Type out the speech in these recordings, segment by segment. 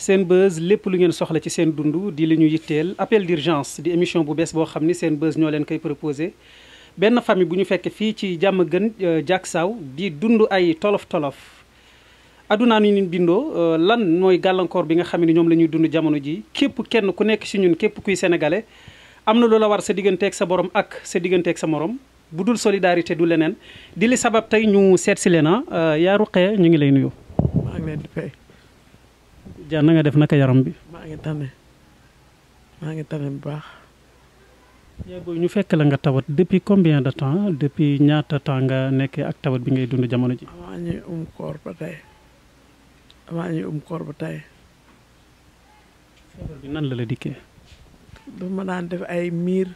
seen Senbuzz lépp lu ngeen soxla ci seen dund di li ñu yitteel appel d'urgence di émission bu bees boo xam ni Senbuzz ñoo leen koy proposé benn famille bu ñu fekk fii ci jàmm gën jaak euh, saaw di dund ay tolof-tolof adunaa ni ñu bindoo euh, lan mooy gàllankoor bi nga xam ne ñoom la ñuy dund jamono ji képp kenn ku nekk si ñun képp kuy sénégalais am na lu la war sa digganteeg sa borom ak sa digganteeg sa morom bu dul solidarité du leneen di li sabab tey ñu seet si leen ah yaa Ruqee ñu ngi lay nuyu. Dia na nga def naka yaram bi. maa ngi tane maa ngi tamit bu baax. yaay booy ñu fekk la nga tawat depuis combien de temps depuis ñaata temps nga nekkee ak tawat bi ngay dund jamono ji. avant ñuy um koor ba tey avant ñuy um koor ba tey. feebar def ay miir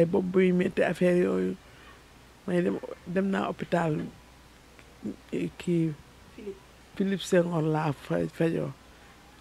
ay bopp buy métti affaire yooyu may dem dem naa hôpital kii. Philippe Senghor laa fajoo.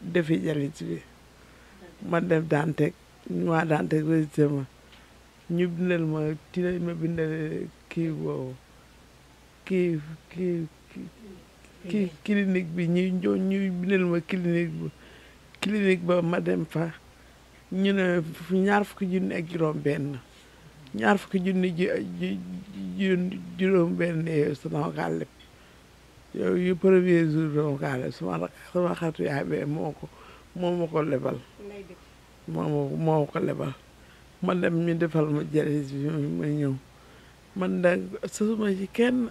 defi jalis bi ma def Dantec waa Dantec registré ma ñu bindal ma ci lañ ma bindal kii boobu kii kii kii clinique bi ñu ñoo ñu bindal ma clinique bi clinique ba ma dem fa ñu ne ñaar fukki junni ak juróom benn ñaar fukki junni ji juróom benn yooyu sama xaalis yow yu premier jour dama kaa def xatu yaay bee moo ko moo ma ko lebal moo moo ko lebal ma dem ñu defal ma jalis bi ma ñëw man da sasuma ci kenn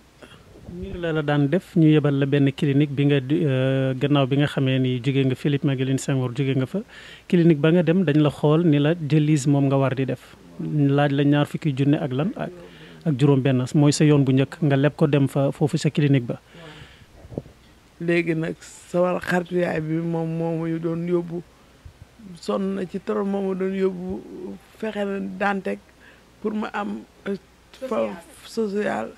nii la la daan def ñu yebal la benn clinique bi nga di euh, gannaaw bi nga xamee ni jóge nga Philippe Maguiline Senghor jóge nga fa clinique ba nga dem dañ la xool ni la dialyse moom nga war di def laaj la ñaar fukki junne ak lan ak ak juróom benn mooy sa yoon bu njëkk nga leb ko dem fa foofu sa kilinik ba léegi nag sawar xaritu yaay bi moom moomuñu doon yóbbu sonn ci trop moomu doon yóbbu fexe na Dantec pour ma am fa social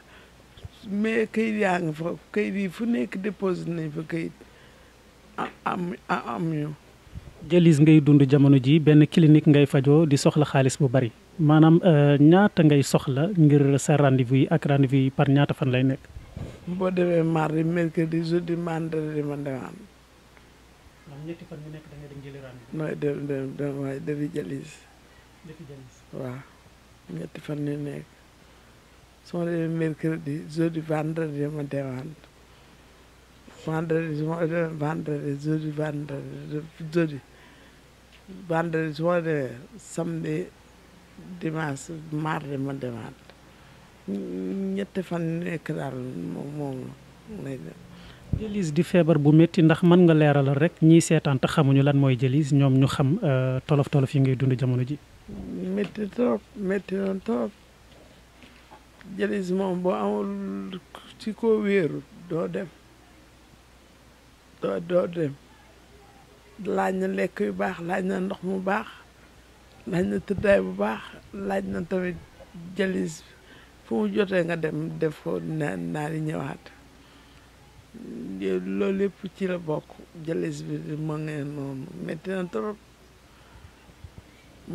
mais kayit yaa ngi fa kayit yi fu nekk déposé nañ fa kayit am am ñu dialyse ngay dund jamono ji benn clinique ngay fajoo di soxla xaalis bu bari maanaam euh, ñaata ngay soxla ngir sa rendez-vous yi ak rendez yi par ñaata fan lay nekk boo demee mardi mercredi jeudi vendredi man demaan. waaw ñetti fan yu nekk da nga dem jëli rendez-vous. nooy dem dem dem waaye defi jalis. defi jalis ma demee mercredi jeudi ñetti fan nekk daal moom moom lay jëlis di feebar bu metti ndax mën nga leeralal rek ñiy seetaan te xamuñu lan mooy jëliis ñoom ñu xam euh, tolof tolof yi ngay dund jamono ji. métti trop métti na trop jëlis moom boo amul ci koo wéeru doo dem doo dem laaj na lekk yu baax laaj na ndox mu baax laaj na tëddaay bu baax laaj na tamit jëlis. fu mu jotee nga dem def ko naan naa di lool loolu lépp ci la bokk jalis bi di ma ngeen noonu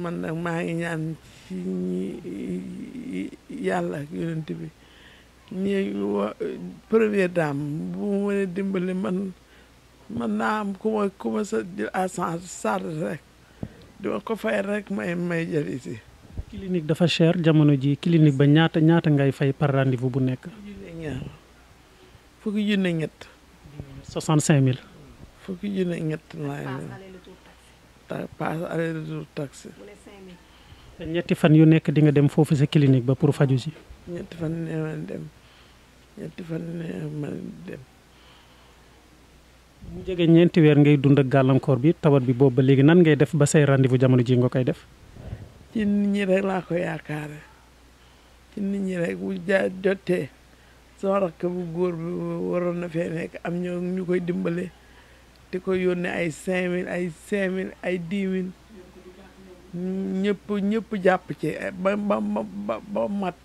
man nag maa ngi ñaan ci ñi yàlla ak yonent bi ñi wa première dame bu mu mën a dimbali man man naa am ku ma ku ma ko fay rek may may jalis yi clinique dafa cher jamono ji kilinik ba ñaata ñaata ngay fay par rendez bu nekk. fukki junne ñett. 65000. fukki te ñetti fan yu nekk di nga dem foofu sa kilinik ba pour faju si. ñetti mu jege ñeenti weer ngay dund ak gàllankoor bi tawat bi boobu léegi nan ngay def ba say rendez jamono ji nga koy def. ci nit ñi rek ko yaakaare ci nit ñi rek bu ja jotee sama rakk bu góor bi waroon na fee nekk am ñoo ñu koy dimbale di ko yónnee ay cinq mille ay cinq mille ay dix mille ñëpp ñëpp jàpp ci eh, ba ba ba mat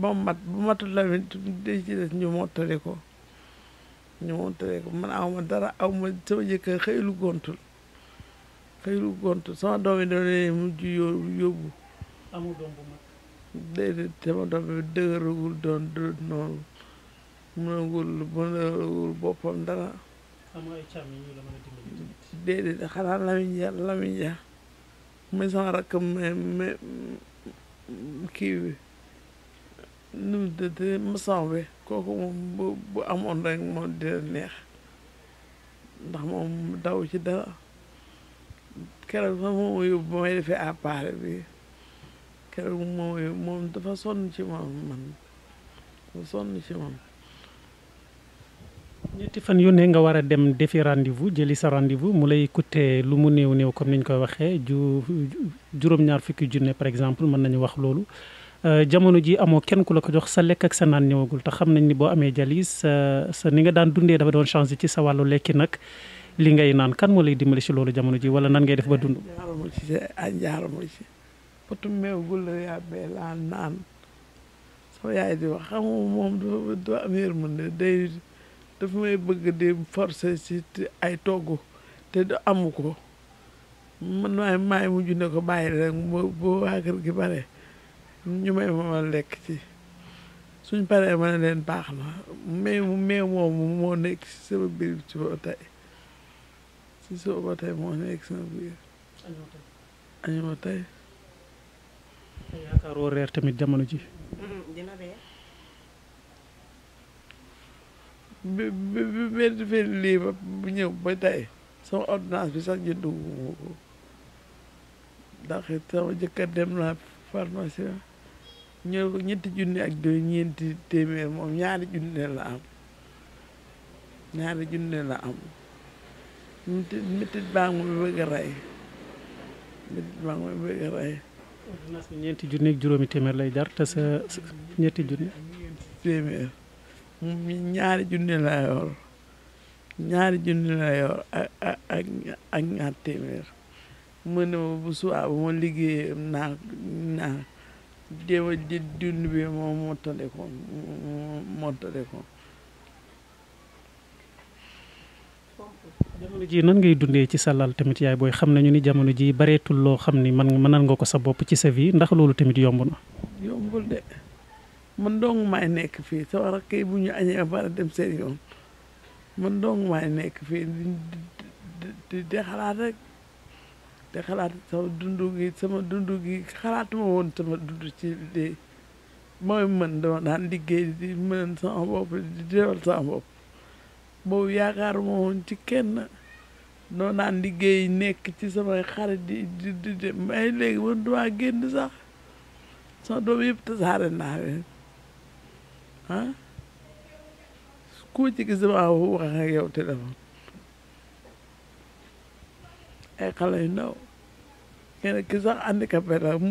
ba mat ba matul tamit dañ ci des ñu mottali ko ñu mottali ko man awma dara awma sama jëkkër xëylu gont sama doom yi dañu mujj yóbbu amul doom bu mag déedéet sama doom bi dëgëragul doon dëdd noonu mënagul mënagul boppam dara déedéet xanaa lamiñ ja lamiñ ja muy sama rakk mais mais kii bi nu mu tëddee maçon bi kooku moom bu bu amoon rek moom dina neex ndax moom daw ci dara keroog sax moom yóbbu ba may defee appareil bi keroog moom yóbbu moom dafa sonn ci moom man ñetti fan yu ne nga war a dem defi rendez-vous jëli sa rendez-vous mu lay coûter lu mu néew néew comme ni ñu koy waxee ju juróom-ñaar fukki junne par exemple mën nañu wax loolu euh, jamono ji amoo kenn ku la ko jox sa lekk ak sa naan ñëwagul te xam nañ ni boo amee jalis sa euh, sa ni nga daan dundee dafa doon changer ci sa wàllu lekki nag li ngay naan kan moo lay dimbali si loolu jamono ji wala nan ngay def ba dund. jaaraama ci ah jaaraama ci potu meew gulla yaa bee laa naan sama yaay di wax xam moom du bëgg di forcer ay togg te du amu ko man maay maay mujj ko bàyyi rek boo waa kër gi bare ñu may ma lekk ci suñ paree ma ne leen baax na meew meew moomu moo nekk ci sama biir ci ba tey ci sooba tey moo nekk sama biir añu ma tey te yaakaaroo jamono ji dina reer bi bi bi benn benn bu ndax sama jëkkër dem naa pharmacie ñëw ko junni ak do ñeenti téeméer moom ñaari junni la am ñaari junni la am mitit mitit baa ngi bëgg rey mitit baa ngi bëgg rey. ñeenti junni ak juróomi téeméer lay jar te sa ñetti junni. téeméer ñaari junni laa yor ñaari junni laa yor ak ñaar téeméer mu ne ma bu subaa ma liggéeyee naa naa jéem a jël bi moom moo tale ko moo tale ko. jamono ji nan ngay dundee ci sa lal tamit yaay booy xam nañu ni jamono ji bareetul loo xam ni man mënal nga ko sa bopp ci sa vie ndax loolu tamit yomb na. yombul de man dong nekk fii sama dem man dong nekk fii di di xalaat rek di xalaat sama dundu gi sama dundu gi xalaatuma woon sama dund ci lii mooy man dama daan liggéey di mën sama bopp di deewal sama bopp. boobu yaakaaruma woon ci kenn doo naan liggéey nekk ci samay xarit di di di di may léegi man duma génn sax sama doom yëpp tasaare naa leen ah ku ci gis dama wax ak yow téléphone ay xale yu ndaw kenn ki sax handicapé la mu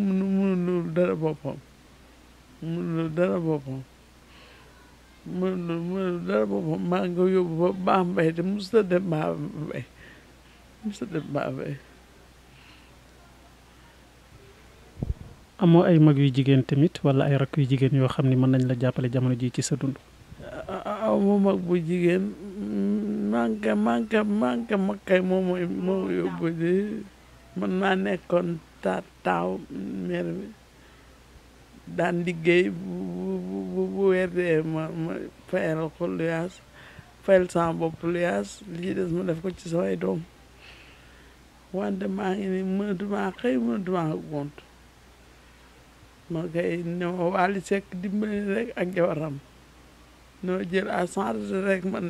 mu dara boppam mu dara boppam mu mu dara boobu maa amoo ay mag yu jigéen tamit wala ay rakk yu jigéen yoo xam ne mën nañ la jàppale jamono ji ci sa dund. aw ma mag bu jigéen manqué manqué manqué mag kay moom moo yóbbu ji mën naa nekkoon ta taaw daan liggéey bu bu weer ma ma fayal ko luyaas fayal sama bopp luyaas lii des ma def ko ci samay doom wante maa ngi ni mënatumaa xëy mënatumaa gont ma koy ne ma Wally Seck dimbali rek ak jabaram noo jël à cent rek man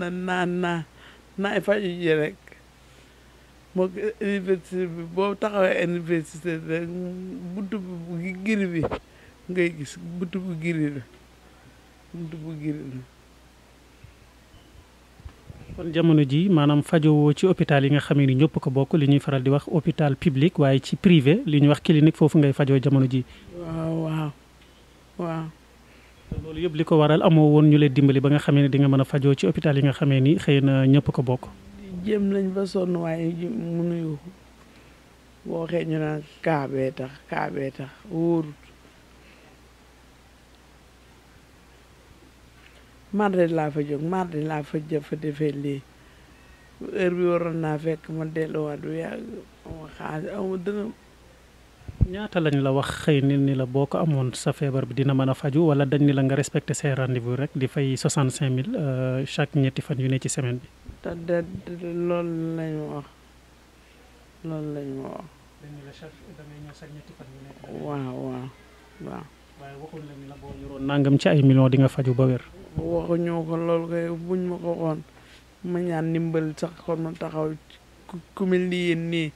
na naan naa rek moo université bi boo taxawee université rek bunt bi giri ngay gis bunt bu giri la bu giri kon jamono ji maanaam fajowoo ci hôpital yi nga xamee ni ñëpp ko bokk li ñuy faral di wax hôpital public waaye ci privé li ñu wax clinique foofu ngay fajoo jamono ji waaw waaw waaw loolu yëpp li ko waral amoo woon ñu leen dimbali ba nga xamee ni dinga mën a fajoo ci hôpital yi nga xamee ni xëy na ñëpp ko bokk jéem nañ ba sonn waaye mënuñu boo xëy ñu kaabee tax kaabee tax mardi laa fa jóg mardi laa fa jëf fa defee lii heure bi waroon naa fekk ma delluwaat bu yàgg ma xaas ñaata lañ la wax xëy nit ni la boo ko amoon sa feebar bi dina mën a faju wala dañ ni la nga respecté say rendez-vous rek di fay soixante cinq mille euh, chaque ñetti fan yu ne ci semaine bi te de loolu lañ wax loolu lañ wax waaw waaw waaye waxul la ni nangam ci ay millions di nga faju ba wér. waxuñoo ko loolu kay buñ ma ko waxoon ma ñaan ndimbal sax kon ma taxaw ku mel ni nii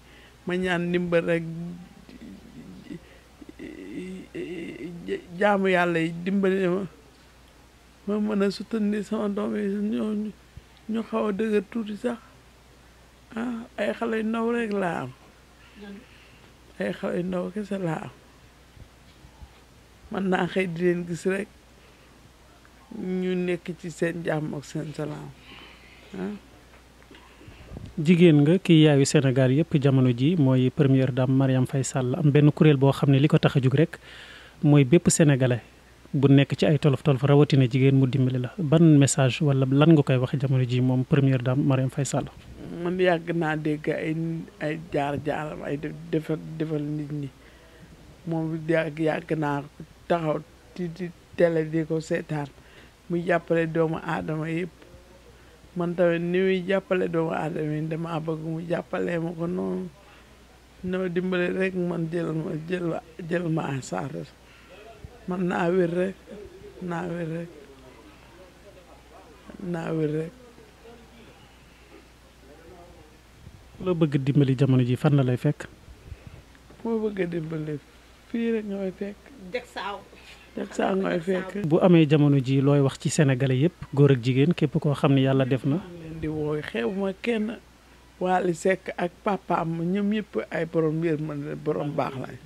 ma ñaan ndimbal rek jaamu yàlla yi dimbali ma mën a sutandi sama doom yi ñoo ñu xaw a dëgër tuuti sax ah, ay xale yu ndaw rek laa am ay xale yu ndaw kese laa am. man naa xëy di leen gis rek ñu nekk ci seen jàmm ak seen salaam ah. jigéen nga kii yaayu senegal yëpp jamono ji mooy première dame Marième fay Sall am benn kuréel boo xam ne li ko tax a jug rek mooy bépp sénégalais bu nekk ci ay tolof tolof rawatina jigéen mu dimbali la ban message wala lan nga koy wax jamono ji moom première dame Marième fay Sall. man yàgg naa dégg ay ay jaar jaaram ay defal defal nit ñi moom yàgg naa taxaw di di di ko seetaan muy jàppale doomu aadama yëpp man tamit ni muy jàppale doomu aadama yi dama bëgg mu jàppale ma ko noonu na ma dimbale man jël ma jël jël ma asaaral man naa wér rek naa wér bëgg dimbali jamono ji fan la lay fekk. moo bëgg dimbali. fii bu amee jamono ji looy wax ci sénégalais yëpp góor ak jigéen képp koo xam ne yàlla def na. leen xew ma kenn Waly Seck ak papaam ñoom yépp ay borom yërmande borom baax lañ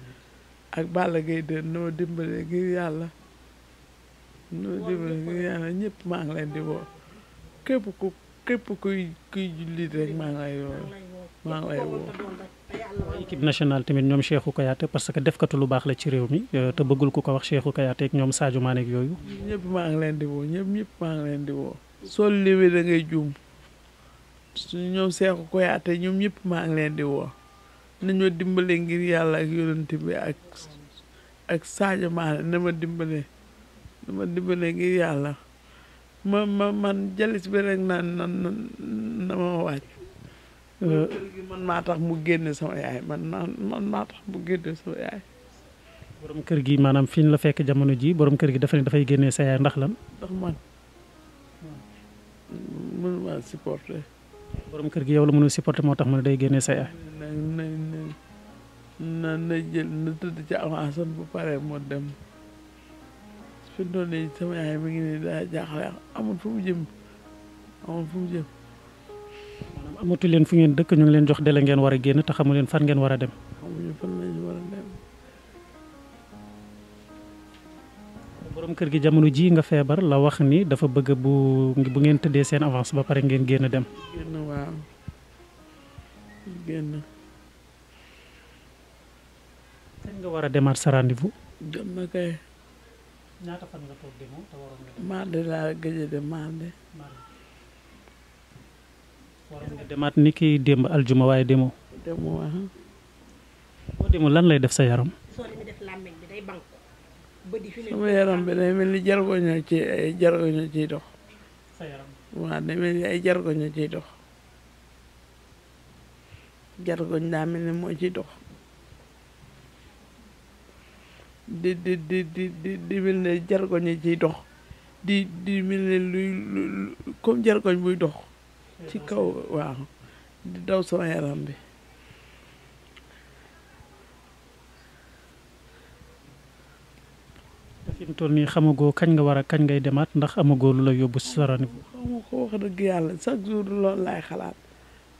ak Balla Gaye de noo dimbale ngir yàlla noo dimbale ngir yàlla ñëpp maa ngi leen di woo képp ku képp kuy kuy jullit rek maa ngi woo maa ngi woo. équipe national tamit ñoom Cheikhou Kouyaté parce que defkatu lu baax la ci réew mi euh, te bëggul ku ko wax Cheikhou Kouyaté ak ñoom Sadio Mané ak yooyu. ñëpp maa ngi leen di woo ñëpp ñëpp maa ngi leen di woo. soo ñoom Cheikhou maa ngi leen di woo nañoo dimbale ngir yàlla ak yonent bi ak ak na ma dimbale na ma dimbale ngir yàlla ma ma man jalis bi rek naan na na ma wàcc. man maa tax mu génne sama yaay man maa man tax mu génne sama yaay. borom kër gi maanaam fii ñu la fekk jamono ji boroom kër gi dafa ne dafay génne sa ndax lan. ndax man mënu supporter. borom kër gi yow la mënul supporter moo tax mu ne day génne sa yaay. na na na jël na tëdd ci avance bu paree moo dem fi mu sama yaay mi ngi nii daa jaaxle amul fu mu jëm amul fu mu jëm. amatu leen fu ngeen dëkk ñu ngi leen jox délai ngeen war a génn te xamu fan ngeen war a dem. boroom kër gi jamono ji nga feebar la wax ni dafa bëgg bu bu ngeen tëddee seen avance ba pare ngeen génn dem. génn waaw war a demaat sa rendez laa gëj a dem mardi. waroon demaat ni kii démb aljuma waaye demoo. demoo waaw. boo lan lay def sa yaram. sama yaram bi day mel ni jargoño ci ciy dox. waaw day mel ni ay jargoño ciy dox. jargoñ ni moo ciy dox. di di di di di di mel ne jargoñ ciy dox. di di mel ne luy comme jargoñ buy dox. ci kaw waaw di daw sama yaram bi fi mu nii xamagoo kañ nga war a kañ ngay demaat ndax amagoo lu la yóbbu si sa rendez-vous xamu yàlla chaque jour lool laay xalaat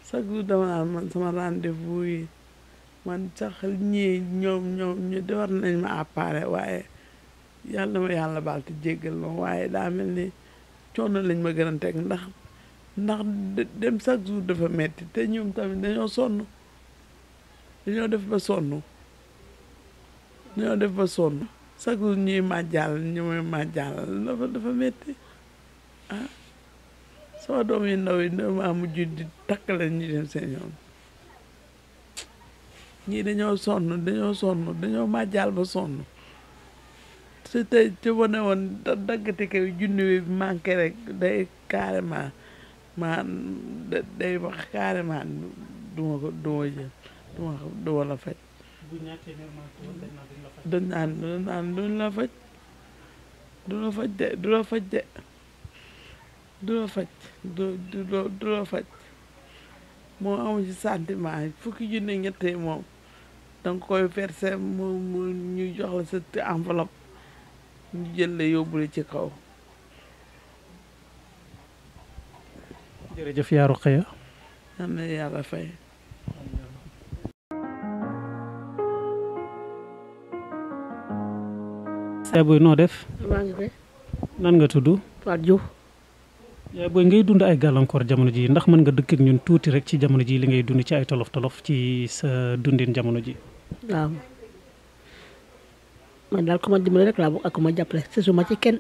chaque jour dama naan man sama rendez-vous yi man sax ñii ñoom ñoom ñu defar nañ ma appareil waaye yàlla ma yàlla baal jéggal ma waaye daa mel ni coono lañ ma gën ndax ndax dem chaque jour dafa metti te ñoom tamit dañoo sonn dañoo def ba sonn dañoo def ba sonn chaque jour ñuy màjjal ñu may màjjal dafa dafa metti ah. doom yi ndaw yi dama mujj di takk ñu dem seen yoon ñii dañoo sonn dañoo sonn dañoo màjjal ba sonn su tey ci wane woon daggati kay junni bi manqué rek day carrément ma day wax carrément duma duma jël duma ko duma la faj du la faj du la faj de du la faj de la faj du la faj moom amu ci sentiment fukki junne ñettee moom danga koy verser mu mu ñu jox la sa enveloppe ñu jël la yóbbu la ci kaw jërëjëf yaa Roqaya. am na booy noo def. nan nga tudd. Fatou Diouf. yaay booy ngay dund ay gàllankoor jamono ji ndax mën nga dëkk ñun tuuti rek ci jamono ji li ngay dund ci ay tolof tolof ci sa dundin jamono ji. waaw man daal ku ma dimbali rek laa bëgg ak ku ma jàppale si suma ci kenn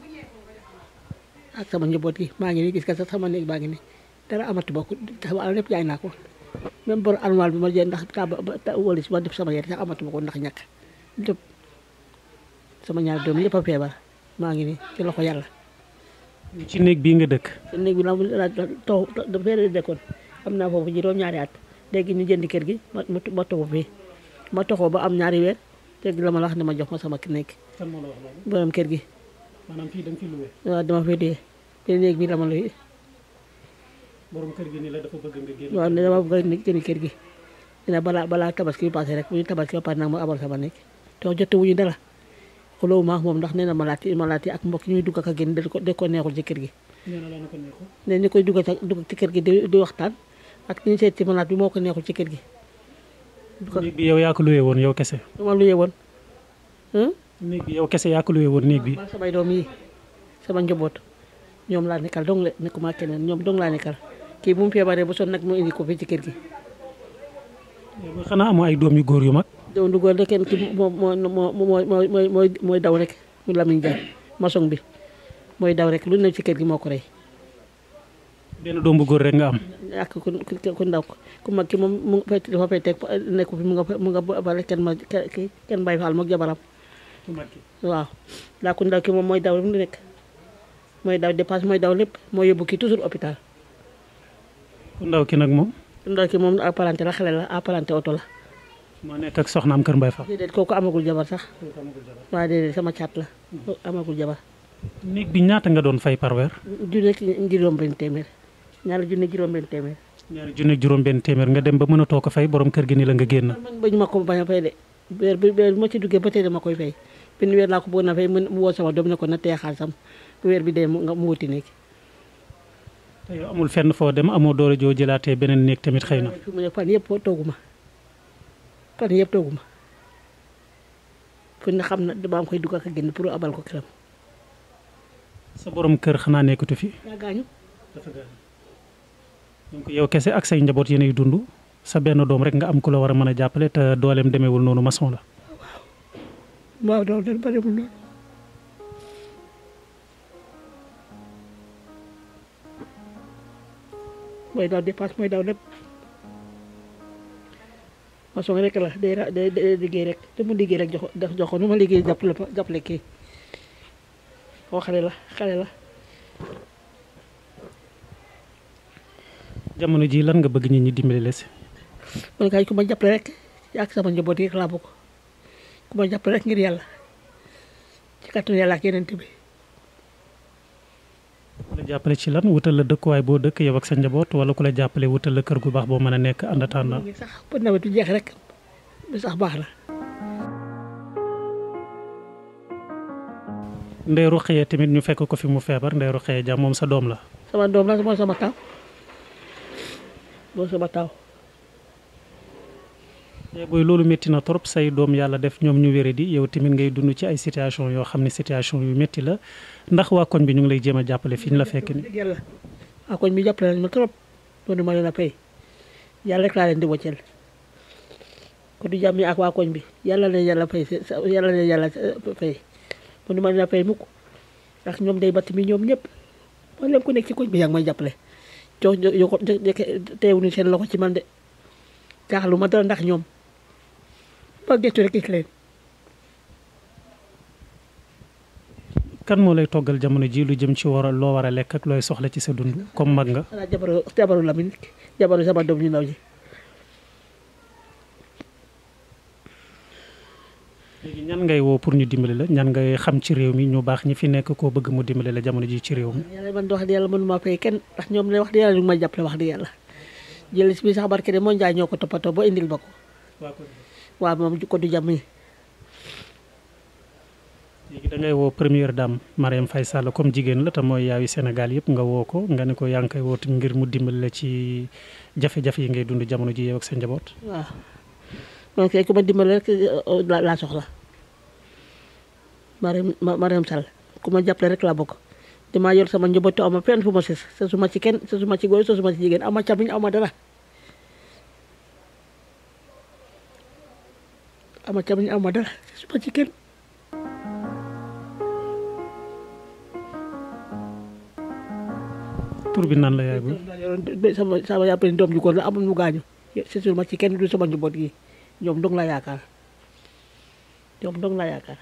ak sama njaboot yi maa ngi nii gis nga sax sama néeg baa ngi nii. dara amati bokk wala lépp jaay naa ko même bor annuel bi ma jël ndax taa ba ma def sama yére sax amati ma ko ndax ñàkk lépp sama ñaar doom yëpp a feebar maa ngi nii ci loxo yàlla. ci néeg bii nga dëkk. ci néeg bi nag taw naa foofu juróom-ñaari at léegi ñu kër gi ma ma toxu fii ba am ñaari weer léegi la ma la wax ne ma jox sama néeg. kan fi luwee. dee néeg bi la ma la borom kër gi ni la dafa bëgg waaw ne dama bëgg nag génn kër gi dina balaa balaa tabaski bi passé rek bu ñu tabaski ba passé nag ma abal sama nekk te jote wuñu dara xulóo ma moom ndax nee na malaati malaati ak mbokk ñuy dugg ak a génn da ko da ko neexul ci kër gi. nee na la ko neexul. nee ñu koy ci kër gi di waxtaan ak ñu seet ci malaat bi moo ko neexul ci kër gi. néeg bi yow yaa ko luwee woon yow kese. ma luwee woon. néeg bi yow kese yaa ko luwee woon néeg bi. man samay doom yi sama njaboot ñoom laa nekkal dong la nekkuma keneen ñoom dong laa nekkal kii bu mu feebaree ba sonn nag mu indi ko fi ci kër gi. xanaa amoo ay doom yu góor yu mag. doom yu góor de kenn ki moo moo moo moo mooy daw rek mu Lamine Diagne maçon bi mooy daw rek lu ne ci kër gi moo ko rey. benn doom bu góor rek nga am. ak ku ku ndaw ku mag ki moom mu teg nekk mu mu nga bale kenn ma kenn bàyyi faal ki moom mooy daw lu nekk mooy daw dépense mooy daw lépp mooy yóbbu kii toujours hôpital. ku ndaw ki nag moom. ku ndaw ki moom apparenté la xale la apparenté oto la. moo nekk ak soxnaam Kër Mbaye Fall. déedéet kooku amagul jabar sax. kooku amagul jabar sama caat la. amagul jabar. néeg bi ñaata nga doon fay par weer. junne juróom-benn téeméer ñaari junne juróom-benn téeméer. ñaari junne juróom-benn téeméer nga dem ba mën a toog a fay borom kër gi ni la nga génn. man bañ ma ko bañ a fay de weer bi weer bi ma ci duggee ba tey dama koy fay benn ko bëggoon a fay mu woo sama doom ne ko na tee xaalisam weer bi dee mu wuti nekk te amul fenn foo dem amoo doole joo jëlaatee beneen néeg tamit xëy na. fi mu ne fan yëpp tooguma fan yëpp tooguma fu ne xam na damaa koy dugg ak génn pour abal ko këram. sa borom kër xanaa nekkatu fi. daa yow kese ak say njaboot yéenay dund sa benn doom rek nga am ku la war a mën a jàppale te dooleem demeewul noonu maçon la. mooy daw dépense mooy daw lépp maçon rek la day day liggéey rek te mu liggéey rek jox jox ko nu ma liggéey jàppale ma jàppale xale la xale la. jamono ji lan nga bëgg nit ñi dimbali les. man kay ku ma jàppale rek ak sama njaboot yi laa bokk ku ma jàppale ngir yàlla ci kàttanu yàlla ak yeneen bi. jàppale ci lan wutal la dëkkuwaay boo dëkk yow ak sa njaboot wala ku la jàppale wutal la kër gu baax boo mën a nekk en attendant. sax ba nawet bi jeex rek sax baax na. Ndeye Rokhaya tamit ñu fekk ko fi mu feebar Ndeye Rokhaya Dia moom sa doom la. sama doom la sama taw mooy sama taw. mais loolu métti na trop say doom yàlla def ñoom ñu wéré di yow tamit ngay dund ci ay situation yoo xam ne situation yu métti la ndax waa koñ bi ñu ngi lay jéem a jàppale fi ñu la fekk ni bi jàppale ma trop loolu ma leen a pay yàlla rek laa leen di wàcceel ko du jàmm ak waa koñ bi yàlla na yàlla fay yàlla na yàlla fay loolu ma leen a pay mukk ndax ñoom day batt mi ñoom ñëpp mooy leen ku nekk ci koñ bi yaa ngi may jàppale coow yo ko teewuñu seen loxo ci man de jaaxlu ma dara ndax ñoom ba gettu rek kan moo lay toggal jamono ji lu jëm ci war loo war a lekk ak looy soxla ci sa dund comme mag nga. xanaa jabaru jabaru Lamine ñan ngay woo pour ñu dimbali la ñan ngay xam ci réew mi ñu baax ñi fi nekk koo bëgg mu dimbali la jamono ji ci réew mi. yàlla man wax dëgg yàlla mënuma fay kenn ndax ñoom ne wax dëgg yàlla ñu may jàppale wax dëgg yàlla jël si bi sax barke de moo njaay ñoo ko toppatoo ba indil ba ko. waa moom jikko du jam léegi da woo première dame Marième fay Sall comme jigéen la te mooy yaayu Sénégal yëpp nga woo ko nga ne ko yaa ngi koy woote ngir mu dimbali la ci jafe-jafe yi ngay dund jamono ji yow ak sa njaboot. waaw man kay ku ma dimbali rek laa ku ma jàppale rek laa bokk damaa yor sama njaboot te aw ma fenn fu ma sis sa suma ci kenn sa suma ci góor sa suma ci jigéen aw ma camiñ aw ma dara. ama ca ñu ama dara su ci kenn. bi nan la yaay bu sama sama yàpp ne mu gaañu c'est ma ci kenn du sama njaboot gi ñoom dong la yaakaar ñoom dong la yaakaar.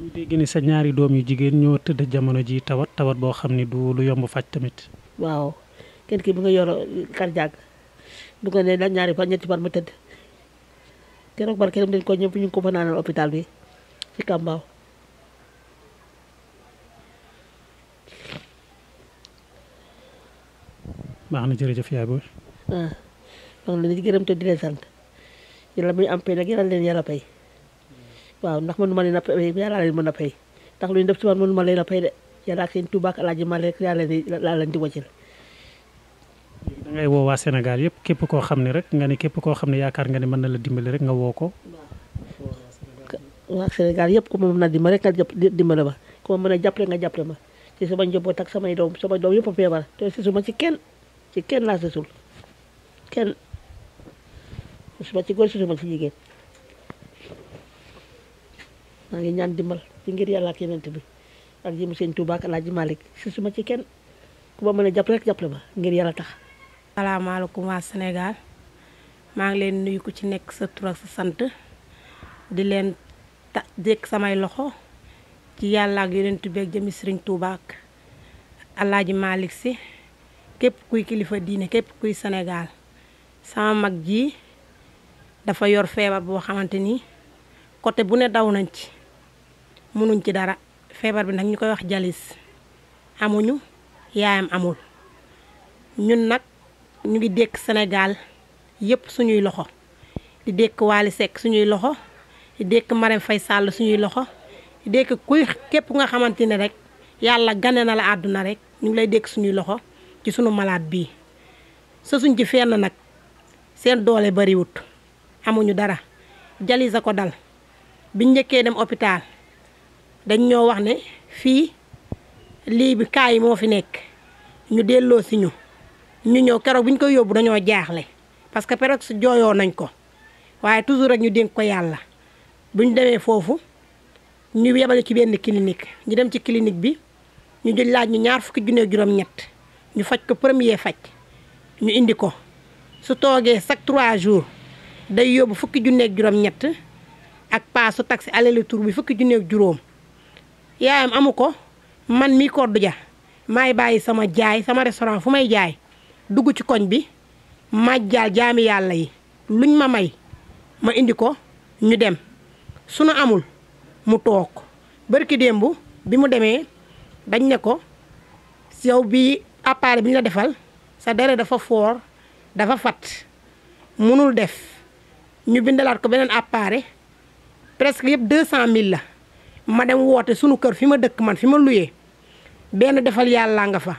ñu dégg ni sa ñaari doom yu jigéen ñoo tëdd jamono ji tawat tawat boo xam ni du lu yomb faj tamit. waaw kenn ki bu nga yor cardiaque bu nga ne la ñaari fan ñetti fan mu tëdd. keroog barke dem nañ ko ñëpp ñu ko fa naanal hôpital bi ci Kambaaw baax na jërëjëf yaay booy. waaw ah, wax na di gërëm te di leen sant yàlla muy am pay nag leen yàlla pay waaw ndax mënuma leen a pay yàlla leen mën a pay ndax lu ñu def ci man mënuma leen a pay de yàlla ak seen tubaab ak ma rek yàlla leen di laa leen da ngay woo waa Sénégal yëpp képp koo xam ne rek nga ne képp koo xam ne yaakaar nga ne mën na la dimbali rek nga woo ko. waa Sénégal yëpp ku ma mën a dimbali rek nga dimbali ma ku ma mën a jàppale nga jàppale ma ci sama njaboot ak samay doom sama doom yëpp a feebar te sisu ma ci kenn ci kenn laa sisul kenn sisu ma ci góor sisu ma maa ngi ñaan dimbal ngir yàlla ak bi ak jëm seen Tuubaa ak ma ci kenn ku ma mën a jàppale jàppale ma ngir yàlla tax. salaamaaleykum waa Sénégal maa ngi leen nuyu ku ci nekk sa tur sa sant di leen ta dékk samay loxo ci yàlla ak yonent bi jëmmi jëmi Sëriñ Tuuba ak malik Si képp kuy kilifa diine képp kuy senegaal sama mag ji dafa yor feebar boo xamante ni côté bu ne daw nañ ci mënuñ ci dara feebar bi nag ñu koy wax jalis amuñu yaayam amul ñun nag ñu ngi dékk senegaal yépp suñuy loxo di dékk Waly suñuy loxo di dékk Marème Faye Sall suñuy loxo di dékk kuy képp nga xamante ne rek yàlla gane na la àdduna rekk ñu ngi lay dékk suñuy loxo ci suñu malaat bii sa suñ ci fenn nag seen doole bariwut amuñu dara jalisa ko dal bi njëkkee dem hôpital dañ ñoo wax ne fii lii bi kaa yi moo fi nekk ñu delloo si ñu ñu ñëw keroog bu ñu koy yóbbu dañoo jaaxle parce que perox jooyoo nañ ko waaye toujours rek ñu dénk ko yàlla bu ñu demee foofu ñu yebale ci benn clinique ñu dem ci clinique bi ñu jël laaj ñu ñaar fukki junne juróom-ñett ñu faj ko premier faj ñu indi ko su toogee chaque trois jours day yóbbu fukki junneeg juróom-ñett ak paasu taxi aller-retour bi fukki junneeg juróom yaayam amu ko man mii Kordu Ja maay bàyyi sama jaay sama restaurant fu may jaay dugg ci koñ bi màjjaal jaami yàlla yi luñ ma may ma indi ko ñu dem sunu amul mu toog bërki démb bi mu demee dañ ne ko yow bi appareil bi ñu la defal sa deret dafa foor dafa fat mënul def ñu bindalaat ko beneen appareil presque yëpp deux cent mille ma dem woote sunu kër fi ma dëkk man fi ma luyee benn defal yàlla nga fa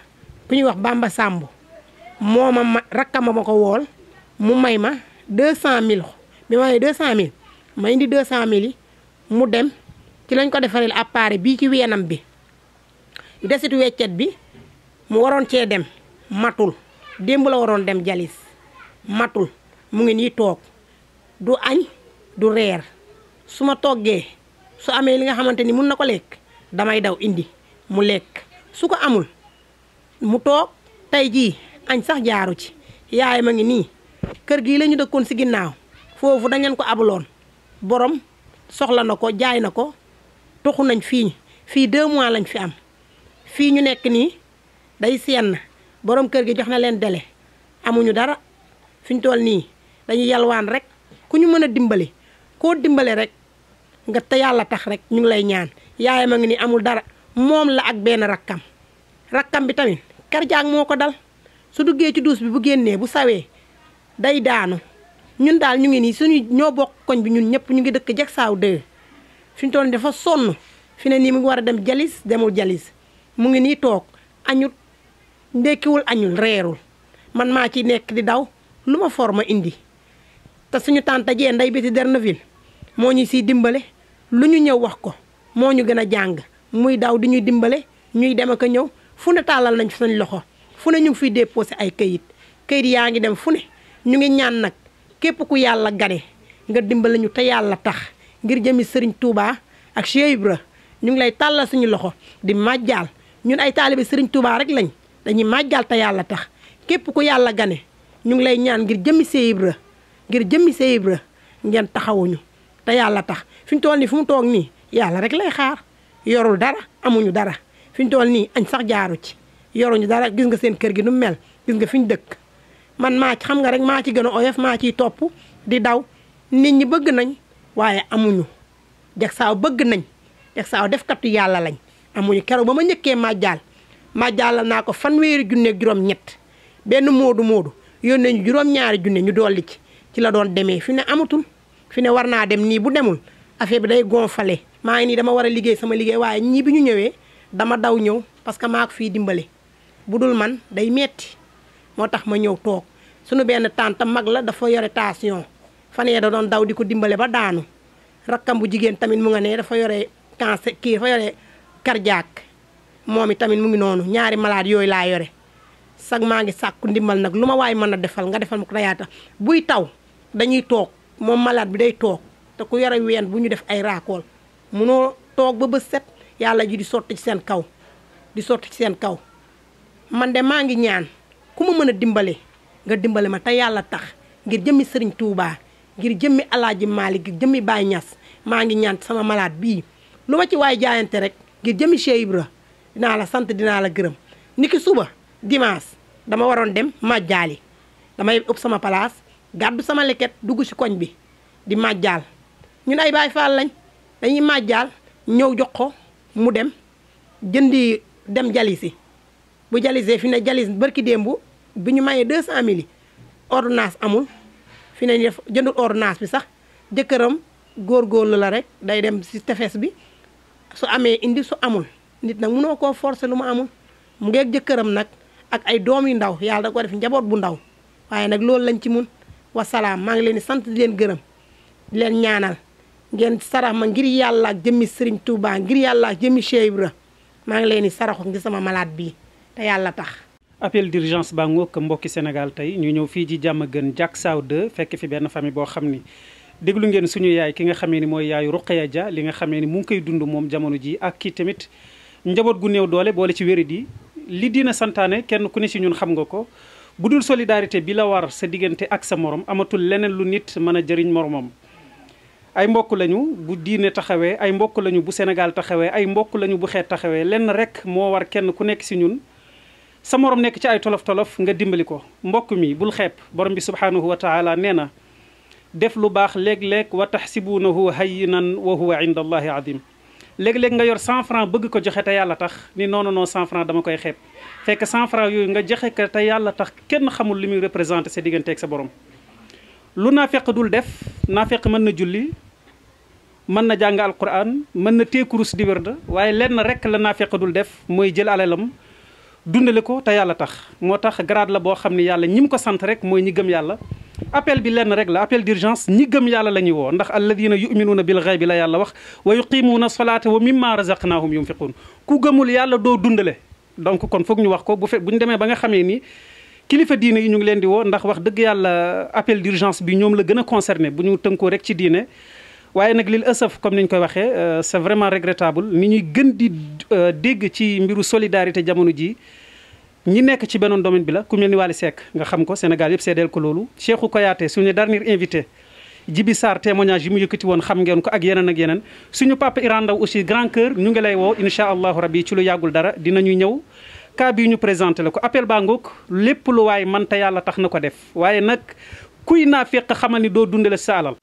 ku ñuy wax Bamba Sàmb moo ma ma rakkama ma ko wool mu may ma 200000 bi ma nee 200000 ma indi 200000 yi mu dem ci lañ ko defaree appareil bii ci weenam bi desit weccet bi mu waroon cee dem matul démb la waroon dem jalis matul mu ngi nii toog du añ du reer su ma toggee su amee li nga xamante ni mun na ko lekk damay daw indi mu lekk su ko amul mu toog tey jii añ sax jaaru ci yaay a ngi nii kër gii la ñu dëkkoon si ginnaaw foofu dañeen ko abuloon boroom soxla na ko jaay na ko toxu nañ fii fii deux mois lañ fi am fii ñu nekk nii day seen boroom kër gi jox na leen dele amuñu dara fi ñu toll nii dañuy yalwaan rek ku ñu mën a dimbali koo dimbale rek nga te yàlla tax rek ñu ngi lay ñaan yaayam a ngi ni amul dara moom la ak benn rakkam rakkam bi tamit karjaag moo ko dal su duggee ci duus bi bu génnee bu sawee day daanu ñun daal ñu ngi nii suñu ñoo bokk koñ bi ñun ñëpp ñu ngi dëkk Diacksao 2 fi ñu toll dafa sonn fi ne nii mu ngi war a dem jalis demul jalis mu ngi nii toog añul ndekkiwul añul reerul man maa ci nekk di daw lu ma for ma indi te suñu tante jee nday biti Derneville moo ñu siy dimbale lu ñu ñëw wax ko moo ñu gën a jàng muy daw di ñuy dimbale ñuy dem ak a ñëw fu ne tàllal nañ fi suñ loxo fu ne ñu ngi fiy déposé ay kayit kayit yaa ngi dem fu ne ñu ngi ñaan nag képp ku yàlla gane nga dimbali ñu te yàlla tax ngir jëmmi sëriñ Touba ak Cheikh Ibra ñu ngi lay tàllal suñu loxo di màjjaal ñun ay taalibe sëriñ Touba rek lañ dañuy màjjaal te yàlla tax képp ku yàlla gane ñu ngi lay ñaan ngir jëmmi Cheikh Ibra ngir jëmmi Cheikh Ibra ngeen taxawuñu te yàlla tax fi ñu toll nii fu mu toog nii yàlla rek lay xaar yorul dara amuñu dara fi ñu toll nii añ sax jaaru ci yoruñu dara gis nga seen kër gi nu mel gis nga fi ñu dëkk man maa ci xam nga rek maa ci gën a oyof maa ciy topp di daw nit ñi bëgg nañ waaye amuñu jagsaaw bëgg nañ jagsaaw def kattu yàlla lañ amuñu keroog ba ma njëkkee màjjaal màjjaal naa ko fanweeri junne ak juróom ñett benn moodu moodu yónnee ñu juróom ñaari junne ñu dolli ci ci la doon demee fi ne amatul fi ne war naa dem nii bu demul affaire bi day gonfale maa ngi nii dama war a liggéey sama liggéey waaye ñii bi ñu ñëwee dama daw ñëw parce que maa ko fii dimbale bu dul man day metti moo tax ma ñëw toog sunu benn tànta mag la dafa yore tension fan yee da doon daw di ko dimbale ba daanu rakkam bu jigéen tamit mu nga ne dafa yore cancer kii dafa yore cardiaque moom i tamit mu ngi noonu ñaari malaat yooyu laa yore sag maa ngi sàkku ndimbal nag lu ma waay mën a defal nga defal ma ko dayaata buy taw dañuy toog moom malaat bi day toog te ku yore ween bu ñu def ay raakool noo toog ba bës set yàlla ji di sotti ci seen kaw di sotti ci seen kaw man de maa ngi ñaan ku ma mën a dimbale nga dimbale ma te yàlla tax ngir jëmmi sëriñ tuubaa ngir jëmmi alaaji Malick ngir jëmmi baay ñas maa ngi ñaan sama malaat bii lu ma ci waay jaayante rek ngir jëmmi Cheikh Ibra dinaa la sant dinaa la gërëm niki suba dimanche dama waroon dem màjjaali damay ëpp sama palaas gàddu sama leket dugg ci koñ bi di màjjaal ñun ay Baay Faal lañ dañuy màjjaal ñëw jox ko mu dem jëndi dem jali si bu jalisee fi ne jalis barki démb bi ñu mayee 200000 yi ordonnance amul fi ne def jëndul ordonnance bi sax jëkkëram góor góorlu la rek day dem si tefes bi su amee indi su amul nit nag mënoo koo forcer lu mu amul mu ngeeg jëkkëram nag ak ay doom yu ndaw yàlla da ko def njaboot bu ndaw waaye nag loolu lañ ci mun wasalaam maa ngi leen di sant di leen gërëm leen ñaanal ngeen sarax ma ngir yàlla ak jëmmi Serigne Touba ngir yàlla ak jëmmi Cheikh Ibra maa ngi leen di saraxu ngi sama malaat bii te yàlla tax. appel d'urgence baa ngoog mbokki Sénégal tey ñu ñëw fii ji jàmm gën Diack Sao fekk fi benn famille boo xam ni. déglu ngeen suñu yaay ki nga xamee ni mooy yaay Roqeya ja li nga xamee ni mu ngi koy dund moom jamono ji ak kii tamit njaboot gu néew doole boole ci wéri di li diina santaane kenn ku ne si ñun xam nga ko bu dul solidarité bi la war sa diggante ak sa morom amatul leneen lu nit mën a jëriñ moromam ay mbokk lañu bu diine taxawee ay mbokk lañu bu Sénégal taxawee ay mbokk lañu bu xeet taxawee lenn rek moo war kenn ku nekk si ñun sa morom nekk ci ay tolof-tolof nga dimbali ko mbokk mi bul xeeb borom bi subhaanahu wa taala nee na def lu baax léeg-léeg wa taxsibuunahu hayyinan wa huwa inda allahi azim léeg-léeg nga yor 100 francs bëgg ko joxe te yàlla tax ni noonu non 100 francs dama koy xeeb fekk 100 francs yooyu nga joxe ko te yàlla tax kenn xamul li muy représenté sa digganteeg sa borom lu naafeq dul def naafeq mën na julli mën na jàng alquran mën na téekurus di wérd waaye lenn rek la naafeq dul def mooy jël alalam dundale ko te yàlla tax moo tax grade la boo xam ne yàlla ñi mu ko sant rek mooy ñi gëm yàlla appel bi lenn rek la appel d'urgence ñi gëm yàlla la ñuy woo ndax alladina yuminuuna bil bi la yàlla wax wa yuqimuuna salaata wa mimma razaqnahum yunfiquun ku gëmul yàlla doo dundale donc kon foog ñu wax ko bu fe bu ñu demee ba nga xamee ni kilifa diine yi ñu ngi leen di woo ndax wax dëgg yàlla appel d'urgence bi ñoom la gën a concerné bu ñu tënkoo rek ci diine waaye nag lil ësëf comme ni ñu koy waxee euh, c'est vraiment regrettable ni ñuy gën di euh, dégg ci mbiru solidarité jamono jii ñi nekk ci beneen domaine bi la ku mel ni Wally Seck nga xam ko Sénégal yëpp seedeel ko loolu Cheikhou Kouyaté suñu dernier invité Jibi Sarr témoignage yi mu yëkkati woon xam ngeen ko ak yeneen ak yeneen suñu papa Iran Ndaw aussi grand cœur ñu ngi lay woo incha allahu rabi ci lu yàggul dara dinañu ñëw cas yi ñu présenté la ko appel baa ngoog lu waay mën yàlla tax na ko def waaye nag kuy naa fekk xamal ni doo dundale sa